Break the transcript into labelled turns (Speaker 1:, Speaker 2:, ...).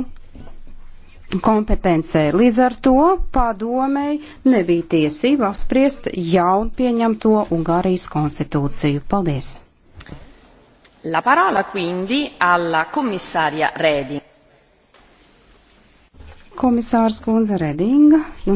Speaker 1: valstu kompetencē. Līdz ar to padomēji nebija tiesība apspriest jaunu pieņemto Ungārijas konstitūciju. Paldies!
Speaker 2: La parola quindi alla commissaria Reding.
Speaker 3: Komisārs Kunze Redinga.